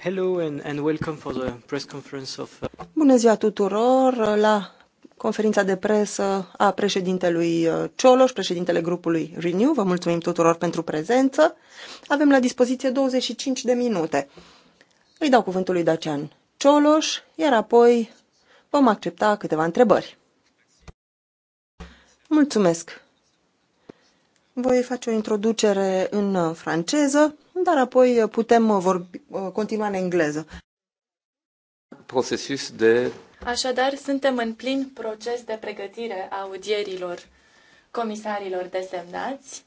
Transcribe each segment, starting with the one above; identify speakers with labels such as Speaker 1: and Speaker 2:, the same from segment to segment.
Speaker 1: Hello and, and welcome for the press conference of... Uh, Bună ziua tuturor uh, la conferința de presă a președintelui uh, Cioloș, președintele grupului Renew. Vă mulțumim tuturor pentru prezență. Avem la dispoziție 25 de minute. Îi dau cuvântul lui Dacian Cioloș, iar apoi vom accepta câteva întrebări. Mulțumesc! Voi face o introducere în franceză dar apoi uh, putem uh, vorbi, uh, continua în engleză.
Speaker 2: Procesus de... Așadar, suntem în plin proces de pregătire a audierilor comisarilor desemnați,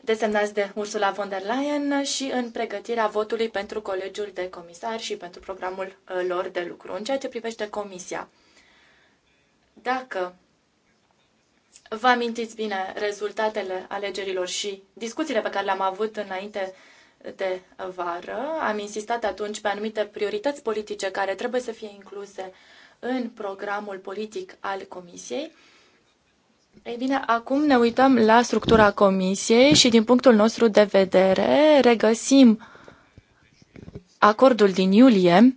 Speaker 2: desemnați de Ursula von der Leyen și în pregătirea votului pentru colegiul de comisari și pentru programul lor de lucru. În ceea ce privește comisia, dacă Vă amintiți bine rezultatele alegerilor și discuțiile pe care le-am avut înainte de vară. Am insistat atunci pe anumite priorități politice care trebuie să fie incluse în programul politic al Comisiei. Ei bine, acum ne uităm la structura Comisiei și din punctul nostru de vedere regăsim acordul din iulie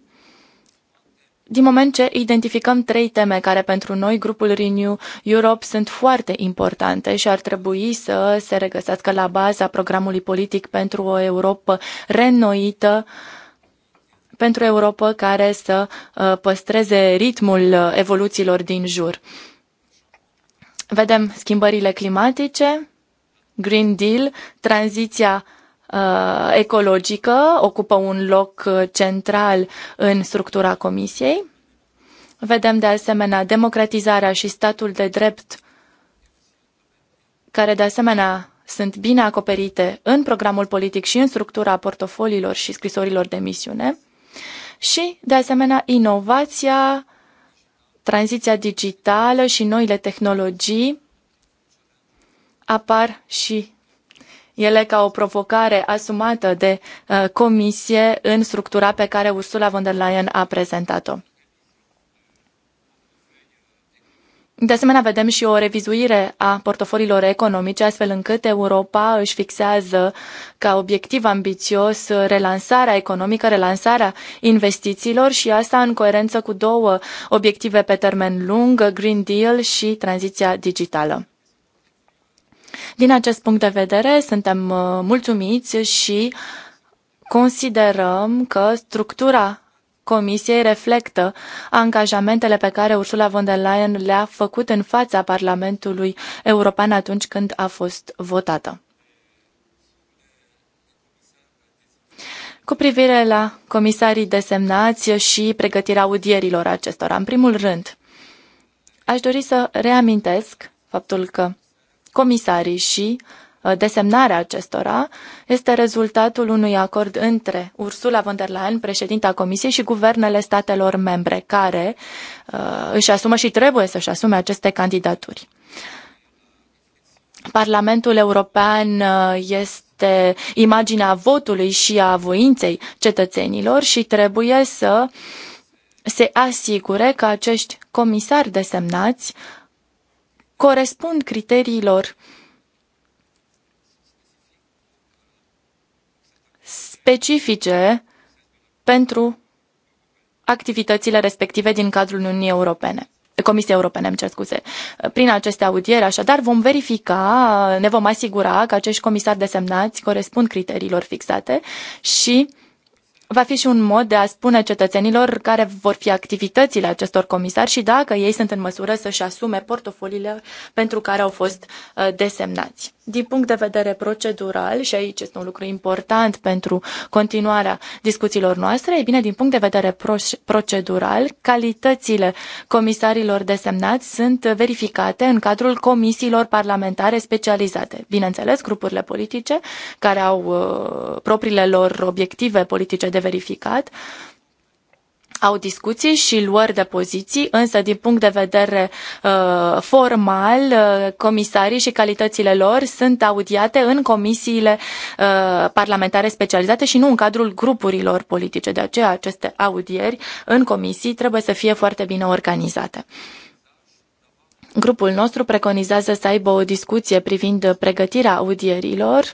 Speaker 2: din moment ce identificăm trei teme care pentru noi, grupul Renew Europe, sunt foarte importante și ar trebui să se regăsească la baza programului politic pentru o Europa reînnoită, pentru o Europa care să uh, păstreze ritmul uh, evoluțiilor din jur. Vedem schimbările climatice, Green Deal, tranziția Uh, ecologică ocupă un loc uh, central în structura Comisiei. Vedem de asemenea democratizarea și statul de drept, care de asemenea sunt bine acoperite în programul politic și în structura portofoliilor și scrisorilor de misiune. Și, de asemenea, inovația, tranziția digitală și noile tehnologii apar și ele ca o provocare asumată de uh, comisie în structura pe care Ursula von der Leyen a prezentat-o. De asemenea, vedem și o revizuire a portofoliilor economice, astfel încât Europa își fixează ca obiectiv ambițios relansarea economică, relansarea investițiilor și asta în coerență cu două obiective pe termen lung, Green Deal și tranziția digitală. Din acest punct de vedere, suntem uh, mulțumiți și considerăm că structura Comisiei reflectă angajamentele pe care Ursula von der Leyen le-a făcut în fața Parlamentului European atunci când a fost votată. Cu privire la comisarii desemnați și pregătirea audierilor acestora, în primul rând, aș dori să reamintesc faptul că comisarii și uh, desemnarea acestora este rezultatul unui acord între Ursula von der Leyen, președinta Comisiei, și guvernele statelor membre, care uh, își asumă și trebuie să-și asume aceste candidaturi. Parlamentul European uh, este imaginea votului și a voinței cetățenilor și trebuie să se asigure că acești comisari desemnați uh, corespund criteriilor specifice pentru activitățile respective din cadrul Uniunii Europene. Comisia Europene, îmi cer scuze. Prin aceste audiere, așadar, vom verifica, ne vom asigura că acești comisari desemnați corespund criteriilor fixate și uh, va fi și un mod de a spune cetățenilor care vor fi activitățile acestor comisari și dacă ei sunt în măsură să-și asume portofoliile pentru care au fost uh, desemnați. Din punct de vedere procedural, și aici este un lucru important pentru continuarea discuțiilor noastre, e bine, din punct de vedere procedural, calitățile comisarilor desemnați sunt verificate în cadrul comisiilor parlamentare specializate. Bineînțeles, grupurile politice, care au uh, propriile lor obiective politice de verificat, uh, au discuții și luări de poziții, însă din punct de vedere uh, formal, uh, comisarii și calitățile lor sunt audiate în comisiile uh, parlamentare specializate și nu în cadrul grupurilor politice. De aceea aceste audieri în comisii trebuie să fie foarte bine organizate. Grupul nostru preconizează să aibă o discuție privind pregătirea audierilor,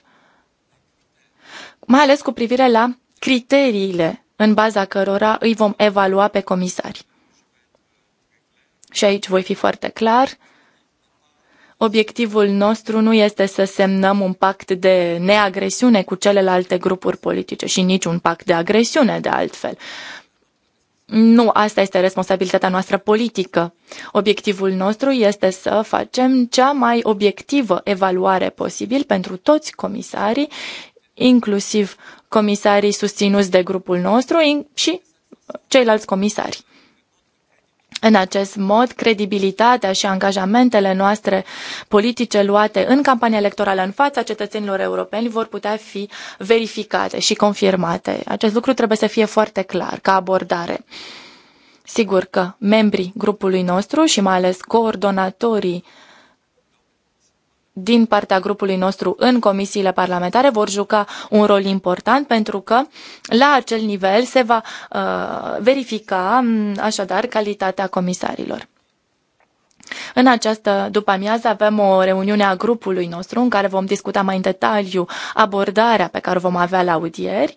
Speaker 2: mai ales cu privire la criteriile în baza cărora îi vom evalua pe comisari. Și aici voi fi foarte clar. Obiectivul nostru nu este să semnăm un pact de neagresiune cu celelalte grupuri politice și nici un pact de agresiune, de altfel. Nu, asta este responsabilitatea noastră politică. Obiectivul nostru este să facem cea mai obiectivă evaluare posibil pentru toți comisarii inclusiv comisarii susținuți de grupul nostru și uh, ceilalți comisari. În acest mod, credibilitatea și angajamentele noastre politice luate în campania electorală în fața cetățenilor europeni vor putea fi verificate și confirmate. Acest lucru trebuie să fie foarte clar ca abordare. Sigur că membrii grupului nostru și mai ales coordonatorii uh, din partea grupului nostru în comisiile parlamentare vor juca un rol important pentru că la acel nivel se va uh, verifica mm, așadar calitatea comisarilor. În această după-amiază avem o reuniune a grupului nostru în care vom discuta mai în detaliu abordarea pe care o vom avea la audieri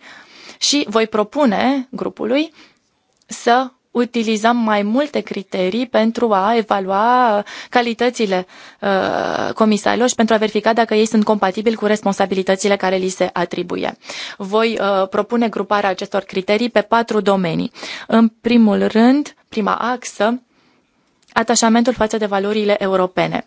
Speaker 2: și voi propune grupului să utilizăm mai multe criterii pentru a evalua calitățile uh, comisarilor și pentru a verifica dacă ei sunt compatibili cu responsabilitățile care li se atribuie. Voi uh, propune gruparea acestor criterii pe patru domenii. În primul rând, prima axă, atașamentul față de valorile europene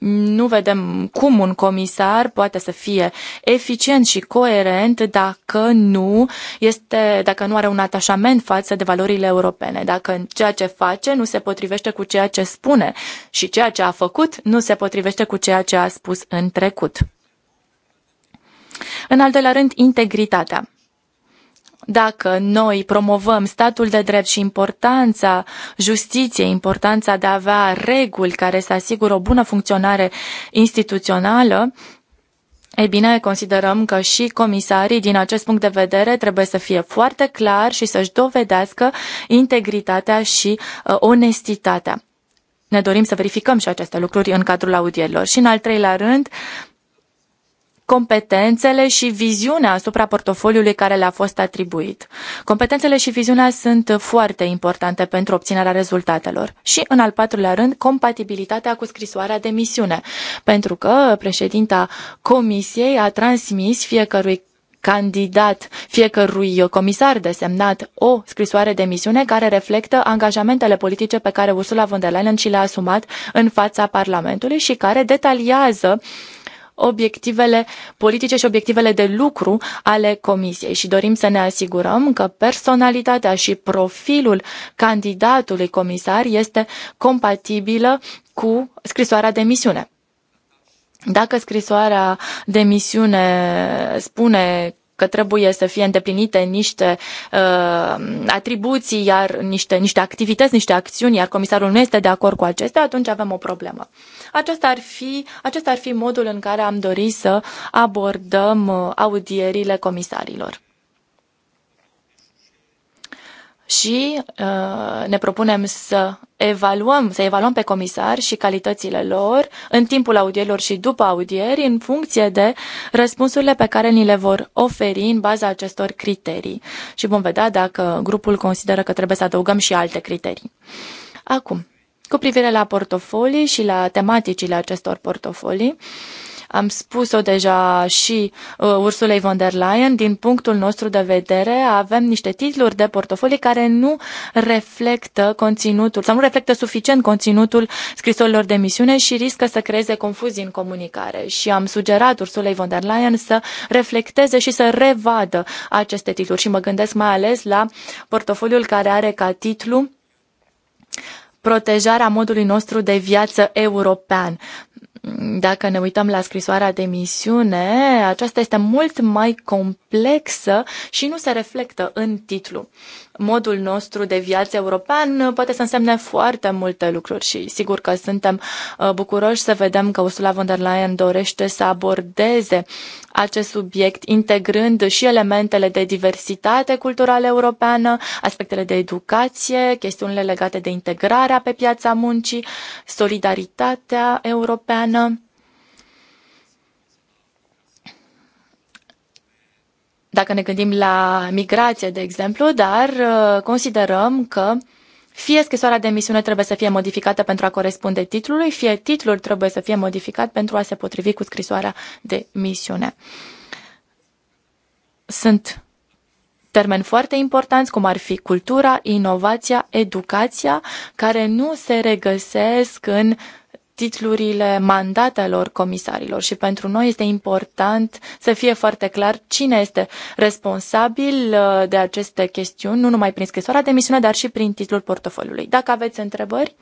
Speaker 2: nu vedem cum un comisar poate să fie eficient și coerent dacă nu este, dacă nu are un atașament față de valorile europene, dacă ceea ce face nu se potrivește cu ceea ce spune și ceea ce a făcut nu se potrivește cu ceea ce a spus în trecut. În al doilea rând, integritatea dacă noi promovăm statul de drept și importanța justiției, importanța de a avea reguli care să asigură o bună funcționare instituțională, ei bine, considerăm că și comisarii, din acest punct de vedere, trebuie să fie foarte clar și să-și dovedească integritatea și uh, onestitatea. Ne dorim să verificăm și aceste lucruri în cadrul audierilor. Și în al treilea rând, uh, competențele și viziunea asupra portofoliului care le-a fost atribuit. Competențele și viziunea sunt foarte importante pentru obținerea rezultatelor. Și, în al patrulea rând, compatibilitatea cu scrisoarea de misiune, pentru că președinta comisiei a transmis fiecărui candidat, fiecărui comisar desemnat o scrisoare de misiune care reflectă angajamentele politice pe care Ursula von der Leyen și le-a asumat în fața Parlamentului și care detaliază uh, obiectivele politice și obiectivele de lucru ale Comisiei și dorim să ne asigurăm că personalitatea și profilul candidatului comisar este compatibilă cu scrisoarea de misiune. Dacă scrisoarea de misiune spune că trebuie să fie îndeplinite niște uh, atribuții, iar niște, niște activități, niște acțiuni, iar comisarul nu este de acord cu acestea, atunci avem o problemă. Acesta ar fi, acesta ar fi modul în care am dorit să abordăm uh, audierile comisarilor și uh, ne propunem să evaluăm, să evaluăm pe comisari și calitățile lor în timpul audierilor și după audieri în funcție de răspunsurile pe care ni le vor oferi în baza acestor criterii. Și vom vedea dacă grupul consideră că trebuie să adăugăm și alte criterii. Acum, cu privire la portofolii și la tematicile acestor portofolii, uh, am spus-o deja și uh, Ursulei von der Leyen, din punctul nostru de vedere avem niște titluri de portofolii care nu reflectă conținutul sau nu reflectă suficient conținutul scrisorilor de misiune și riscă să creeze confuzii în comunicare. Și am sugerat Ursulei von der Leyen să reflecteze și să revadă aceste titluri și mă gândesc mai ales la portofoliul care are ca titlu protejarea modului nostru de viață european. Dacă ne uităm la scrisoarea de misiune, aceasta este mult mai complexă și nu se reflectă în titlu modul nostru de viață european uh, poate să însemne foarte multe lucruri și sigur că suntem uh, bucuroși să vedem că Ursula von der Leyen dorește să abordeze acest subiect integrând și elementele de diversitate culturală europeană, aspectele de educație, chestiunile legate de integrarea pe piața muncii, solidaritatea europeană dacă ne gândim la migrație, de exemplu, dar uh, considerăm că fie scrisoarea de misiune trebuie să fie modificată pentru a corespunde titlului, fie titlul trebuie să fie modificat pentru a se potrivi cu scrisoarea de misiune. Sunt termeni foarte importanți, cum ar fi cultura, inovația, educația, care nu se regăsesc în uh, titlurile mandatelor comisarilor și pentru noi este important să fie foarte clar cine este responsabil uh, de aceste chestiuni, nu numai prin scrisoarea de misiune, dar și prin titlul portofoliului. Dacă aveți întrebări.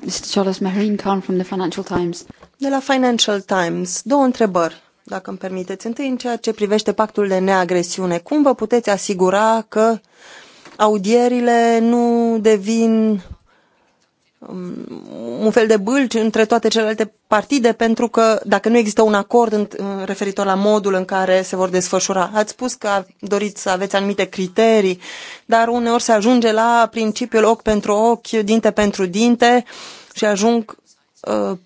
Speaker 1: Mr. Charles Marin Khan from the Financial Times. De la Financial Times, două întrebări, dacă îmi permiteți. Întâi, în ceea ce privește pactul de neagresiune, cum vă puteți asigura că audierile nu devin Um, un fel de bâlci între toate celelalte partide, pentru că dacă nu există un acord în, referitor la modul în care se vor desfășura, ați spus că doriți să aveți anumite criterii, dar uneori se ajunge la principiul ochi pentru ochi, dinte pentru dinte și ajung uh,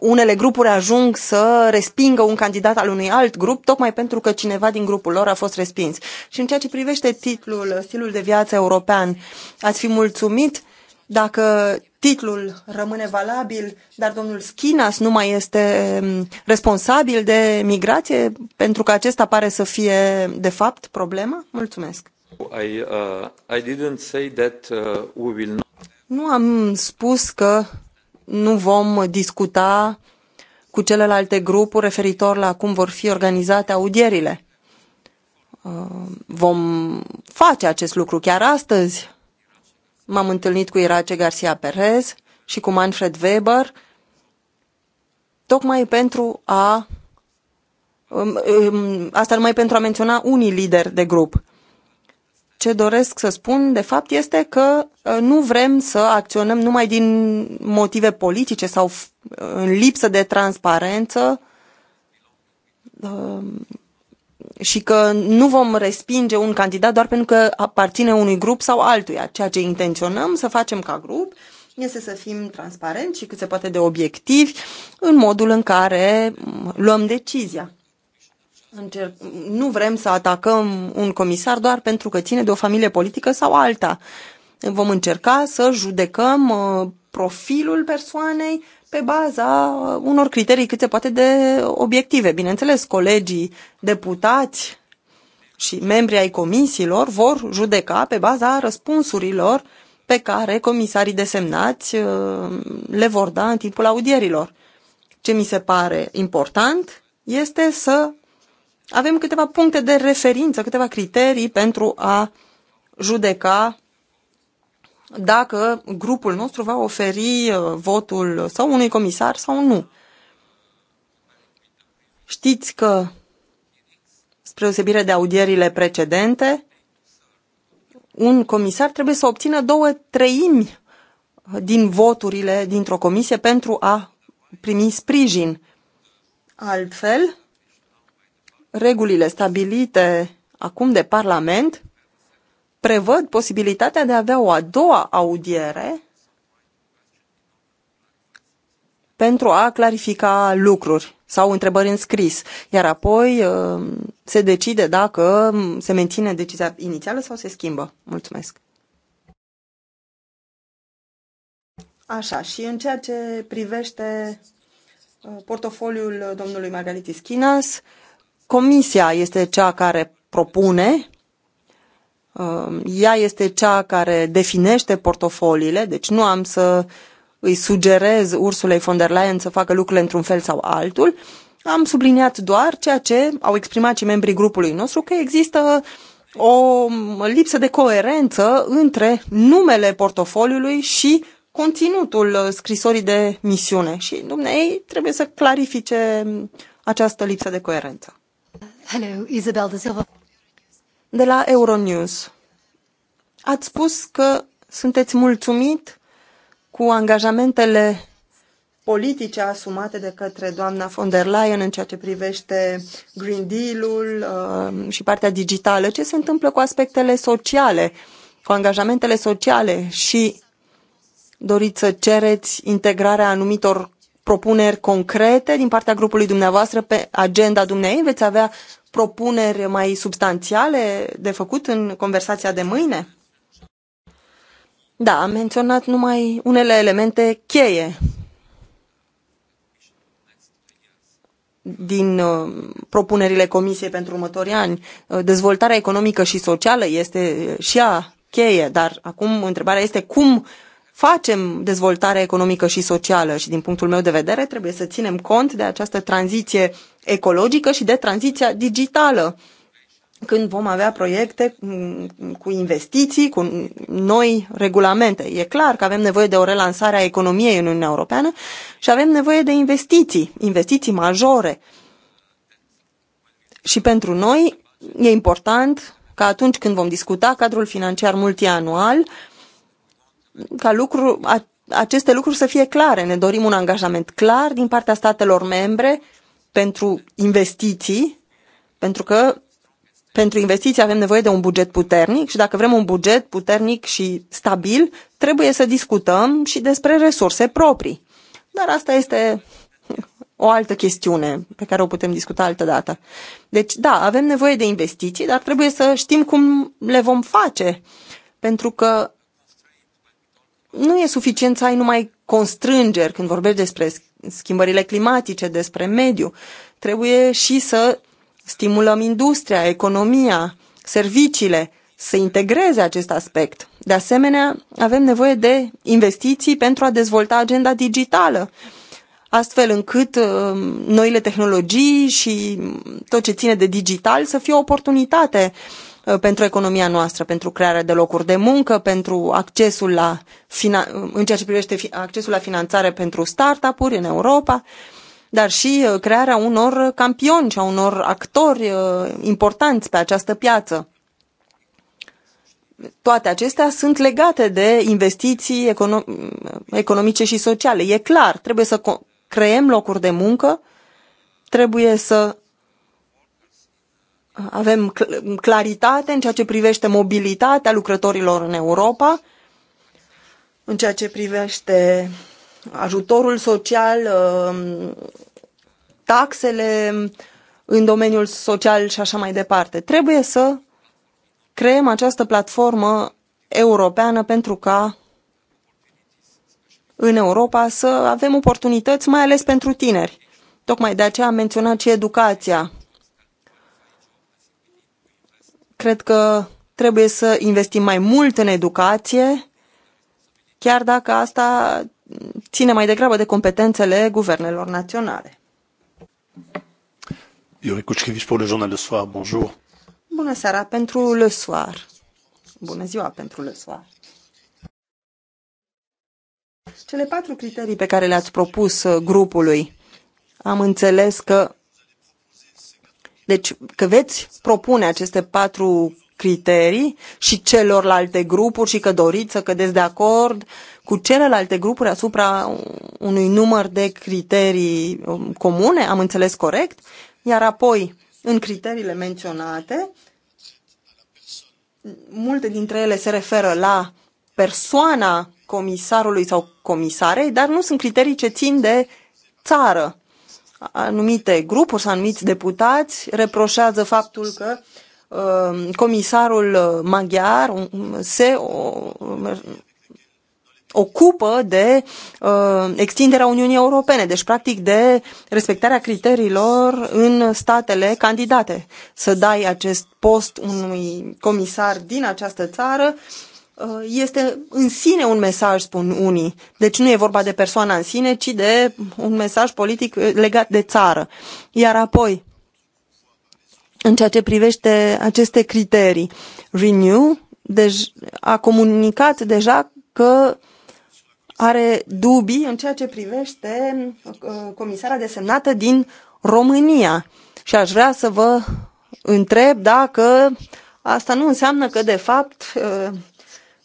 Speaker 1: unele grupuri ajung să respingă un candidat al unui alt grup, tocmai pentru că cineva din grupul lor a fost respins. Și în ceea ce privește titlul, stilul de viață european, ați fi mulțumit uh, dacă titlul rămâne valabil, dar domnul Schinas nu mai este mm, responsabil de migrație, pentru că acesta pare să fie, de fapt, problema? Mulțumesc. I, uh, I didn't say that uh, we will not... Nu am spus că nu vom discuta cu celelalte grupuri referitor la cum vor fi organizate audierile. Uh, vom face acest lucru chiar astăzi. M-am întâlnit cu Irace Garcia Perez și cu Manfred Weber, tocmai pentru a. Asta numai pentru a menționa unii lideri de grup. Ce doresc să spun, de fapt, este că ă, nu vrem să acționăm numai din motive politice sau ă, în lipsă de transparență ă, și că nu vom respinge un candidat doar pentru că aparține unui grup sau altuia. Ceea ce intenționăm să facem ca grup este să fim transparenti, și cât se poate de obiectivi în modul în care luăm decizia. Încerc, nu vrem să atacăm un comisar doar pentru că ține de o familie politică sau alta. Vom încerca să judecăm profilul persoanei pe baza uh, unor criterii cât se poate de obiective. Bineînțeles, colegii deputați și membrii ai comisiilor vor judeca pe baza răspunsurilor pe care comisarii desemnați uh, le vor da în timpul audierilor. Ce mi se pare important este să avem câteva puncte de referință, câteva criterii pentru a judeca dacă grupul nostru va oferi uh, votul sau unui comisar sau nu. Știți că, spre deosebire de audierile precedente, un comisar trebuie să obțină două treimi din voturile dintr-o comisie pentru a primi sprijin. Altfel, regulile stabilite acum de Parlament prevăd posibilitatea de a avea o a doua audiere pentru a clarifica lucruri sau întrebări în scris, iar apoi uh, se decide dacă se menține decizia inițială sau se schimbă. Mulțumesc. Așa, și în ceea ce privește uh, portofoliul domnului Margaritis Chinas, comisia este cea care propune Um, ea este cea care definește portofoliile, deci nu am să îi sugerez Ursulei von der Leyen să facă lucrurile într-un fel sau altul. Am subliniat doar ceea ce au exprimat și membrii grupului nostru, că există o lipsă de coerență între numele portofoliului și conținutul scrisorii de misiune și dumneei trebuie să clarifice această lipsă de coerență. Hello, Isabel de Silva de la Euronews. Ați spus că sunteți mulțumit cu angajamentele politice asumate de către doamna von der Leyen în ceea ce privește Green Deal-ul uh, și partea digitală. Ce se întâmplă cu aspectele sociale, cu angajamentele sociale și doriți să cereți integrarea anumitor propuneri concrete din partea grupului dumneavoastră pe agenda dumnei? Veți avea propuneri mai substanțiale de făcut în conversația de mâine? Da, am menționat numai unele elemente cheie din uh, propunerile Comisiei pentru următorii ani. Uh, dezvoltarea economică și socială este uh, și a cheie, dar acum întrebarea este cum facem dezvoltare economică și socială și din punctul meu de vedere trebuie să ținem cont de această tranziție ecologică și de tranziția digitală. Când vom avea proiecte mm, cu investiții, cu noi regulamente. E clar că avem nevoie de o relansare a economiei în Uniunea Europeană și avem nevoie de investiții, investiții majore. Și pentru noi e important ca atunci când vom discuta cadrul financiar multianual, uh, ca lucru, aceste lucruri să fie clare. Ne dorim un angajament clar din partea statelor membre pentru investiții, pentru că pentru investiții avem nevoie de un buget puternic și dacă vrem un buget puternic și stabil, trebuie să discutăm și despre resurse proprii. Dar asta este o altă chestiune pe care o putem discuta altă dată. Deci, da, avem nevoie de investiții, dar trebuie să știm cum le vom face. Pentru că nu e suficient să ai numai constrângeri când vorbești despre schimbările climatice, despre mediu. Trebuie și să stimulăm industria, economia, serviciile, să integreze acest aspect. De asemenea, avem nevoie de investiții pentru a dezvolta agenda digitală, astfel încât uh, noile tehnologii și tot ce ține de digital să fie o oportunitate Uh, pentru economia noastră, pentru crearea de locuri de muncă, pentru accesul la, în ceea ce privește accesul la finanțare pentru startup-uri în Europa, dar și uh, crearea unor campioni și a unor actori uh, importanți pe această piață. Toate acestea sunt legate de investiții economice și sociale. E clar, trebuie să creăm locuri de muncă, trebuie să avem claritate în ceea ce privește mobilitatea lucrătorilor în Europa, în ceea ce privește ajutorul social, um, taxele în domeniul social și așa mai departe. Trebuie să creăm această platformă europeană pentru ca în Europa să avem oportunități, mai ales pentru tineri. Tocmai de aceea am menționat și educația Cred că trebuie să investim mai mult în educație, chiar dacă asta ține mai degrabă de competențele guvernelor naționale. Iuri Kuchkevici pentru le Journal Le Soir, bonjour. Bună seara pentru Le Soir. Bună ziua pentru Le Soir. Cele patru criterii pe care le-ați propus uh, grupului, am înțeles că deci că veți propune aceste patru criterii și celorlalte grupuri și că doriți să cădeți de acord cu celelalte grupuri asupra unui număr de criterii um, comune, am înțeles corect, iar apoi în criteriile menționate, multe dintre ele se referă la persoana comisarului sau comisarei, dar nu sunt criterii ce țin de țară anumite grupuri sau anumiți deputați reproșează faptul că um, comisarul uh, maghiar um, se um, ocupă de uh, extinderea Uniunii Europene, deci practic de respectarea criteriilor în statele candidate. Să dai acest post unui comisar din această țară Uh, este în sine un mesaj, spun unii. Deci nu e vorba de persoana în sine, ci de un mesaj politic uh, legat de țară. Iar apoi, în ceea ce privește aceste criterii, Renew deci, a comunicat deja că are dubii în ceea ce privește uh, comisara desemnată din România. Și aș vrea să vă întreb dacă asta nu înseamnă că, de fapt,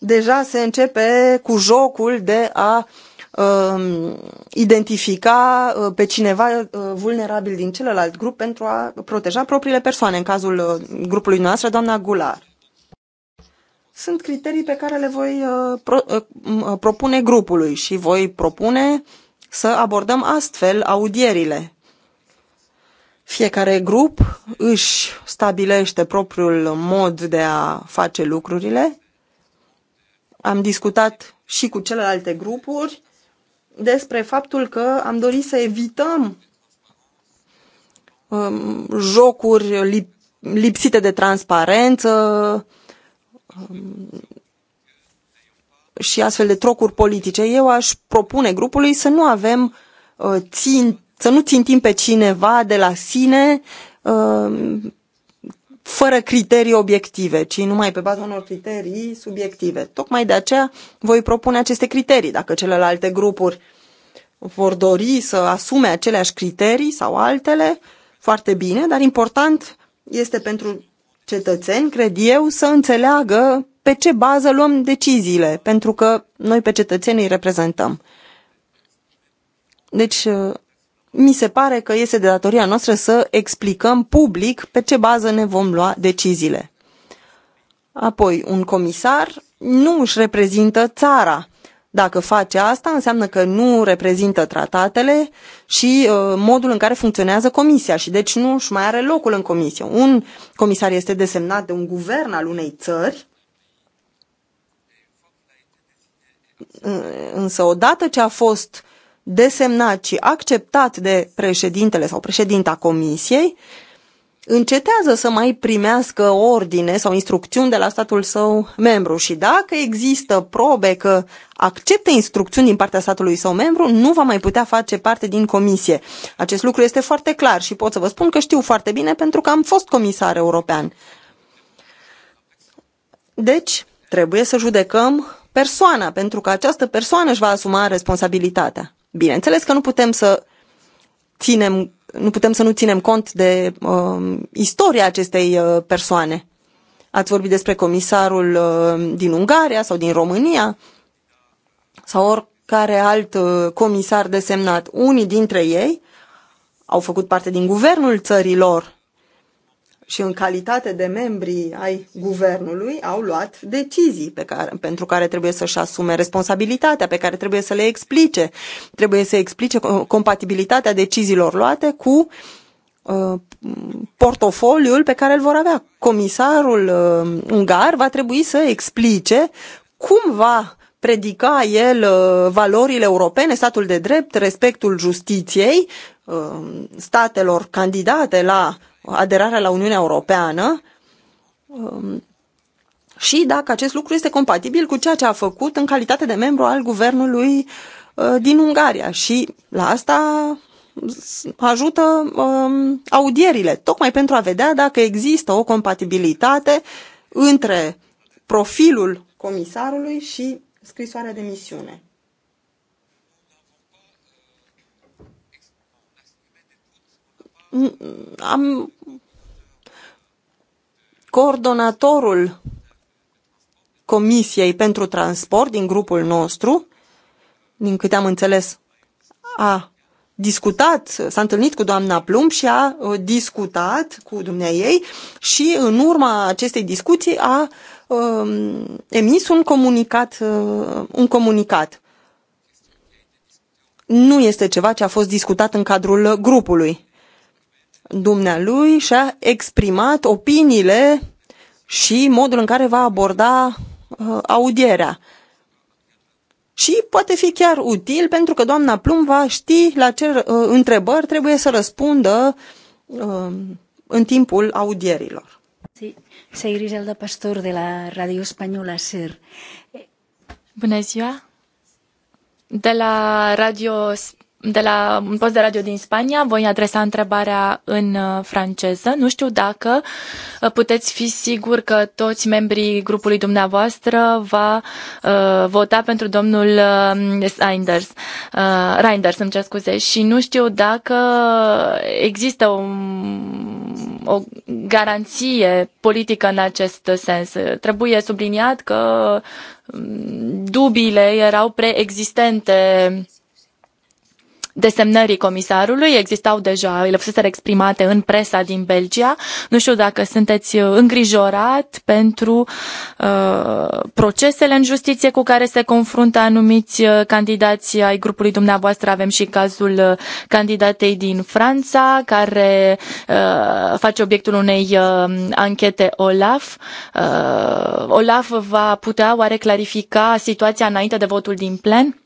Speaker 1: deja se începe cu jocul de a um, identifica uh, pe cineva uh, vulnerabil din celălalt grup pentru a proteja propriile persoane, în cazul uh, grupului noastră, doamna Gular. Sunt criterii pe care le voi propune grupului și voi propune să abordăm astfel audierile. Fiecare grup își stabilește propriul mod de a face lucrurile am discutat și cu celelalte grupuri despre faptul că am dorit să evităm um, jocuri lip lipsite de transparență um, și astfel de trocuri politice. Eu aș propune grupului să nu avem uh, țin, să nu țintim pe cineva de la sine uh, fără criterii obiective, ci numai pe baza unor criterii subiective. Tocmai de aceea voi propune aceste criterii. Dacă celelalte grupuri vor dori să asume aceleași criterii sau altele, foarte bine, dar important este pentru cetățeni, cred eu, să înțeleagă pe ce bază luăm deciziile, pentru că noi pe cetățeni îi reprezentăm. Deci, mi se pare că este de datoria noastră să explicăm public pe ce bază ne vom lua deciziile. Apoi, un comisar nu își reprezintă țara. Dacă face asta, înseamnă că nu reprezintă tratatele și uh, modul în care funcționează comisia și deci nu își mai are locul în comisie. Un comisar este desemnat de un guvern al unei țări, însă odată ce a fost desemnat și acceptat de președintele sau președinta comisiei, încetează să mai primească ordine sau instrucțiuni de la statul său membru și dacă există probe că acceptă instrucțiuni din partea statului său membru, nu va mai putea face parte din comisie. Acest lucru este foarte clar și pot să vă spun că știu foarte bine pentru că am fost comisar european. Deci, trebuie să judecăm persoana, pentru că această persoană își va asuma responsabilitatea. Bineînțeles că nu putem să ținem, nu putem să nu ținem cont de uh, istoria acestei uh, persoane. Ați vorbit despre comisarul uh, din Ungaria sau din România sau oricare alt uh, comisar desemnat. Unii dintre ei au făcut parte din guvernul țărilor și în calitate de membri ai guvernului au luat decizii pe care, pentru care trebuie să-și asume responsabilitatea, pe care trebuie să le explice. Trebuie să explice compatibilitatea deciziilor luate cu uh, portofoliul pe care îl vor avea. Comisarul uh, ungar va trebui să explice cum va predica el uh, valorile europene, statul de drept, respectul justiției, uh, statelor candidate la aderarea la Uniunea Europeană um, și dacă acest lucru este compatibil cu ceea ce a făcut în calitate de membru al guvernului uh, din Ungaria. Și la asta ajută um, audierile, tocmai pentru a vedea dacă există o compatibilitate între profilul comisarului și scrisoarea de misiune. am coordonatorul Comisiei pentru Transport din grupul nostru, din câte am înțeles, a discutat, s-a întâlnit cu doamna Plumb și a uh, discutat cu dumnea ei și în urma acestei discuții a um, emis un comunicat, uh, un comunicat. Nu este ceva ce a fost discutat în cadrul grupului dumnealui și-a exprimat opiniile și modul în care va aborda uh, audierea. Și poate fi chiar util pentru că doamna Plum va ști la ce uh, întrebări trebuie să răspundă uh, în timpul audierilor.
Speaker 2: Soy Griselda Pastor de la Radio Española SER. Bună ziua! De la Radio de la un post de radio din Spania. Voi adresa întrebarea în uh, franceză. Nu știu dacă uh, puteți fi sigur că toți membrii grupului dumneavoastră va uh, vota pentru domnul uh, Reinders. Uh, Reinders, îmi cer scuze. Și nu știu dacă există o, o garanție politică în acest sens. Trebuie subliniat că um, dubiile erau preexistente desemnării comisarului. Existau deja, ele fuseseră exprimate în presa din Belgia. Nu știu dacă sunteți uh, îngrijorat pentru uh, procesele în justiție cu care se confruntă anumiți uh, candidați ai grupului dumneavoastră. Avem și cazul uh, candidatei din Franța, care uh, face obiectul unei uh, anchete OLAF. Uh, OLAF va putea oare clarifica situația înainte de votul din plen?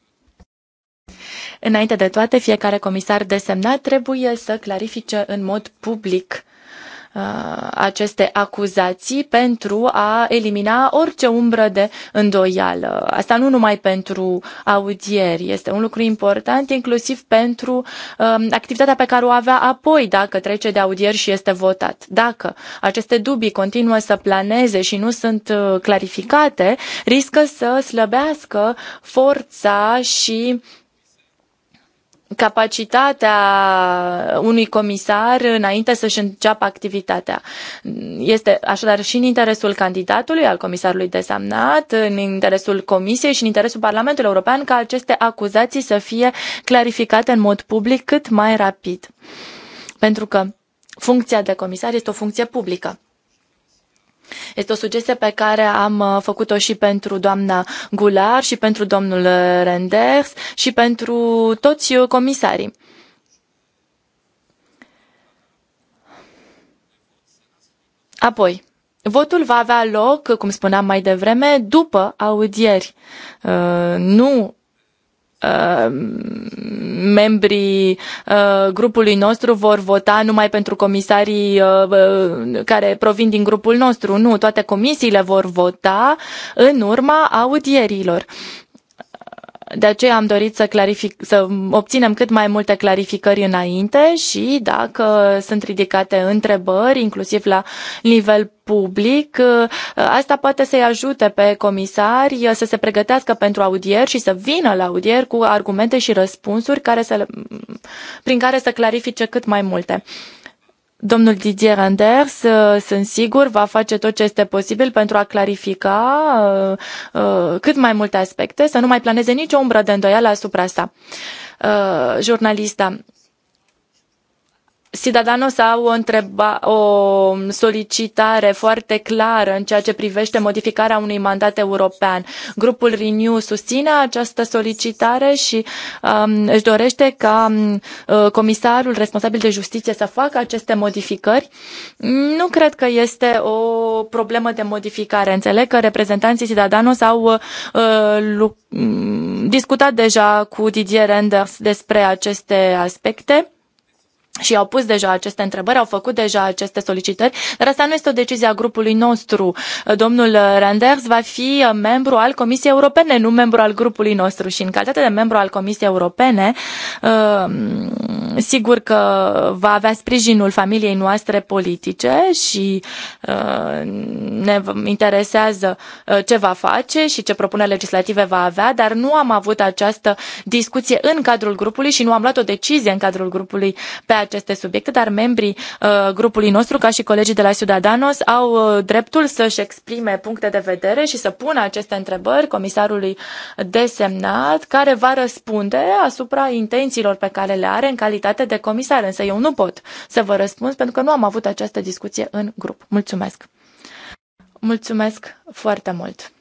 Speaker 2: Înainte de toate, fiecare comisar desemnat trebuie să clarifice în mod public uh, aceste acuzații pentru a elimina orice umbră de îndoială. Asta nu numai pentru audieri, este un lucru important, inclusiv pentru um, activitatea pe care o avea apoi dacă trece de audieri și este votat. Dacă aceste dubii continuă să planeze și nu sunt uh, clarificate, riscă să slăbească forța și uh, capacitatea unui comisar înainte să-și înceapă activitatea. Este așadar și în interesul candidatului, al comisarului desamnat, în interesul Comisiei și în interesul Parlamentului European ca aceste acuzații să fie clarificate în mod public cât mai rapid. Pentru că funcția de comisar este o funcție publică. Este o sugestie pe care am uh, făcut-o și pentru doamna Gular, și pentru domnul uh, Renders, și pentru toți uh, comisarii. Apoi, votul va avea loc, cum spuneam mai devreme, după audieri. Nu Uh, membrii uh, grupului nostru vor vota numai pentru comisarii uh, care provin din grupul nostru. Nu, toate comisiile vor vota în urma audierilor. De aceea am dorit să, clarific, să obținem cât mai multe clarificări înainte și dacă sunt ridicate întrebări, inclusiv la nivel public, asta poate să-i ajute pe comisari să se pregătească pentru audier și să vină la audier cu argumente și răspunsuri care să, prin care să clarifice cât mai multe. Domnul Didier Anders, uh, sunt sigur, va face tot ce este posibil pentru a clarifica uh, uh, cât mai multe aspecte, să nu mai planeze nicio umbră de îndoială asupra sa. Jurnalista Sidadanos au o, întreba, o solicitare foarte clară în ceea ce privește modificarea unui mandat european. Grupul Renew susține această solicitare și um, își dorește ca um, uh, comisarul responsabil de justiție să facă aceste modificări. Nu cred că este o problemă de modificare. Înțeleg că reprezentanții Sidadanos au uh, mm, discutat deja cu Didier Renders despre aceste aspecte și au pus deja aceste întrebări, au făcut deja aceste solicitări, dar asta nu este o decizie a grupului nostru. Domnul Renders va fi membru al Comisiei Europene, nu membru al grupului nostru și în calitate de membru al Comisiei Europene, uh, sigur că va avea sprijinul familiei noastre politice și uh, ne interesează uh, ce va face și ce propuneri legislative va avea, dar nu am avut această discuție în cadrul grupului și nu am luat o decizie în cadrul grupului pe aceste subiecte, dar membrii uh, grupului nostru, ca și colegii de la Ciudadanos, au uh, dreptul să-și exprime puncte de vedere și să pună aceste întrebări comisarului desemnat, care va răspunde asupra intențiilor pe care le are în calitate de comisar. Însă eu nu pot să vă răspund pentru că nu am avut această discuție în grup. Mulțumesc! Mulțumesc foarte mult!